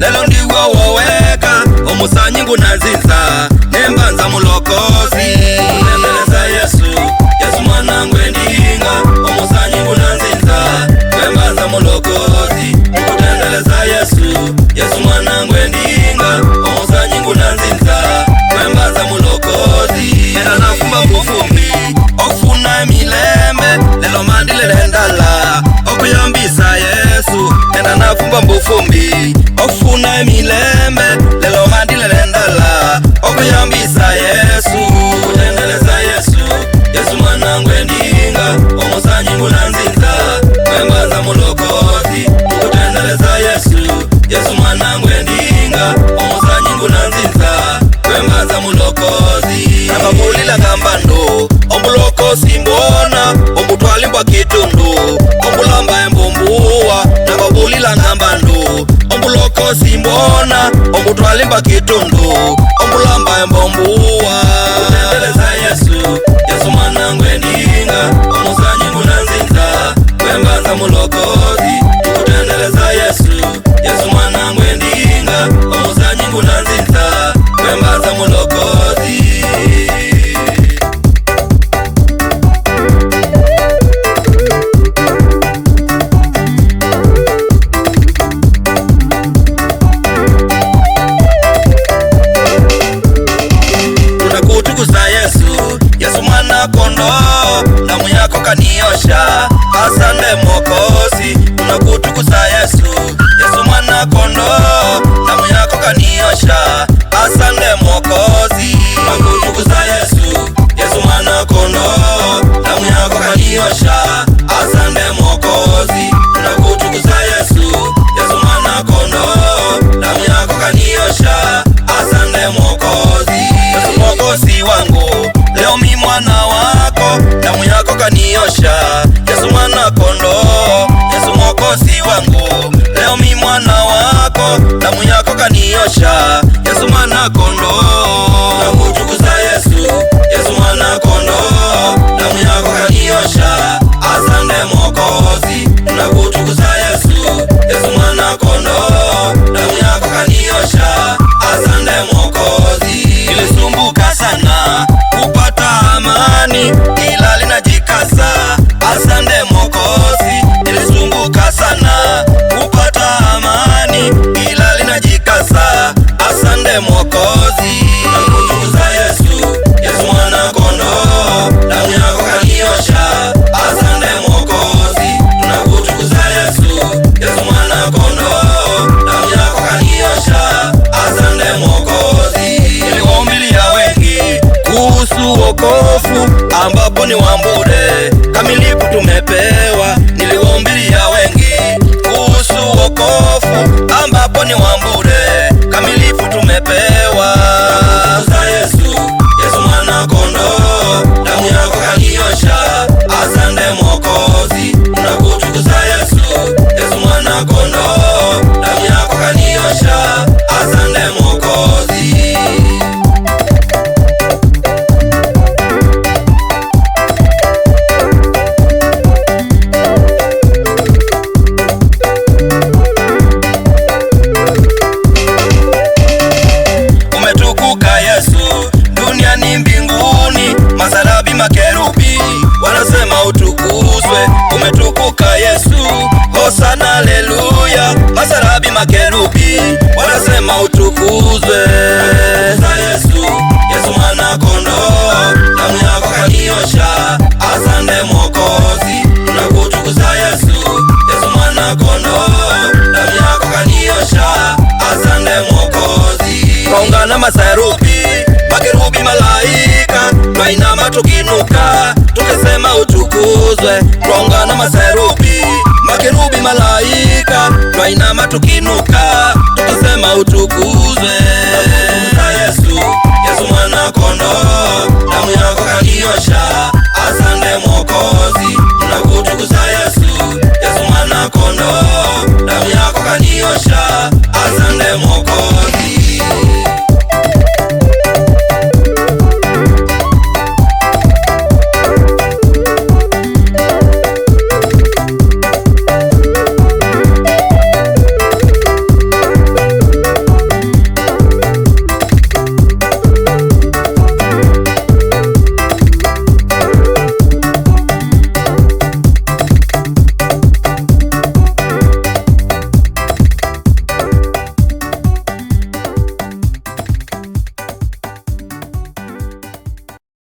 lelo ndiwo woweka omusanyi ngunazinza nembanza mulokozi nemeleza yesu yesu mwana ngwendinga omusanyi ngunazinza nembanza mulokozi nikutendeleza yesu yesu mwana milembe lelo mandile nendala okuyambisa yesu kutengeleza yesu yesu mwanangu endinga omusanyingula loko simbona okutwalimba kitundu okulamba embombuwa kutendeleza yesu yesu mwanangu eninga omusanyi ngunanzinza kwembaza mulokozi mwana kondoo, damu yako kaniosha wokovu ambapo ni wambure bure kamilifu tumepewa Yesu, hosana aleluya, Masarabi makerubi wanasema utukuzwe Yesu, Yesu mwana kondoo, damu yako kaniosha. Asante Mwokozi, tunakutukuza Yesu, Yesu mwana kondoo, damu yako kaniosha. Asante Mwokozi, kaungana maserubi makerubi malaika mainama tukinuka Twaonga na maserubi, makerubi, malaika twainama tukinuka, tukasema utukuzwe Yesu, Yesu mwana kondoo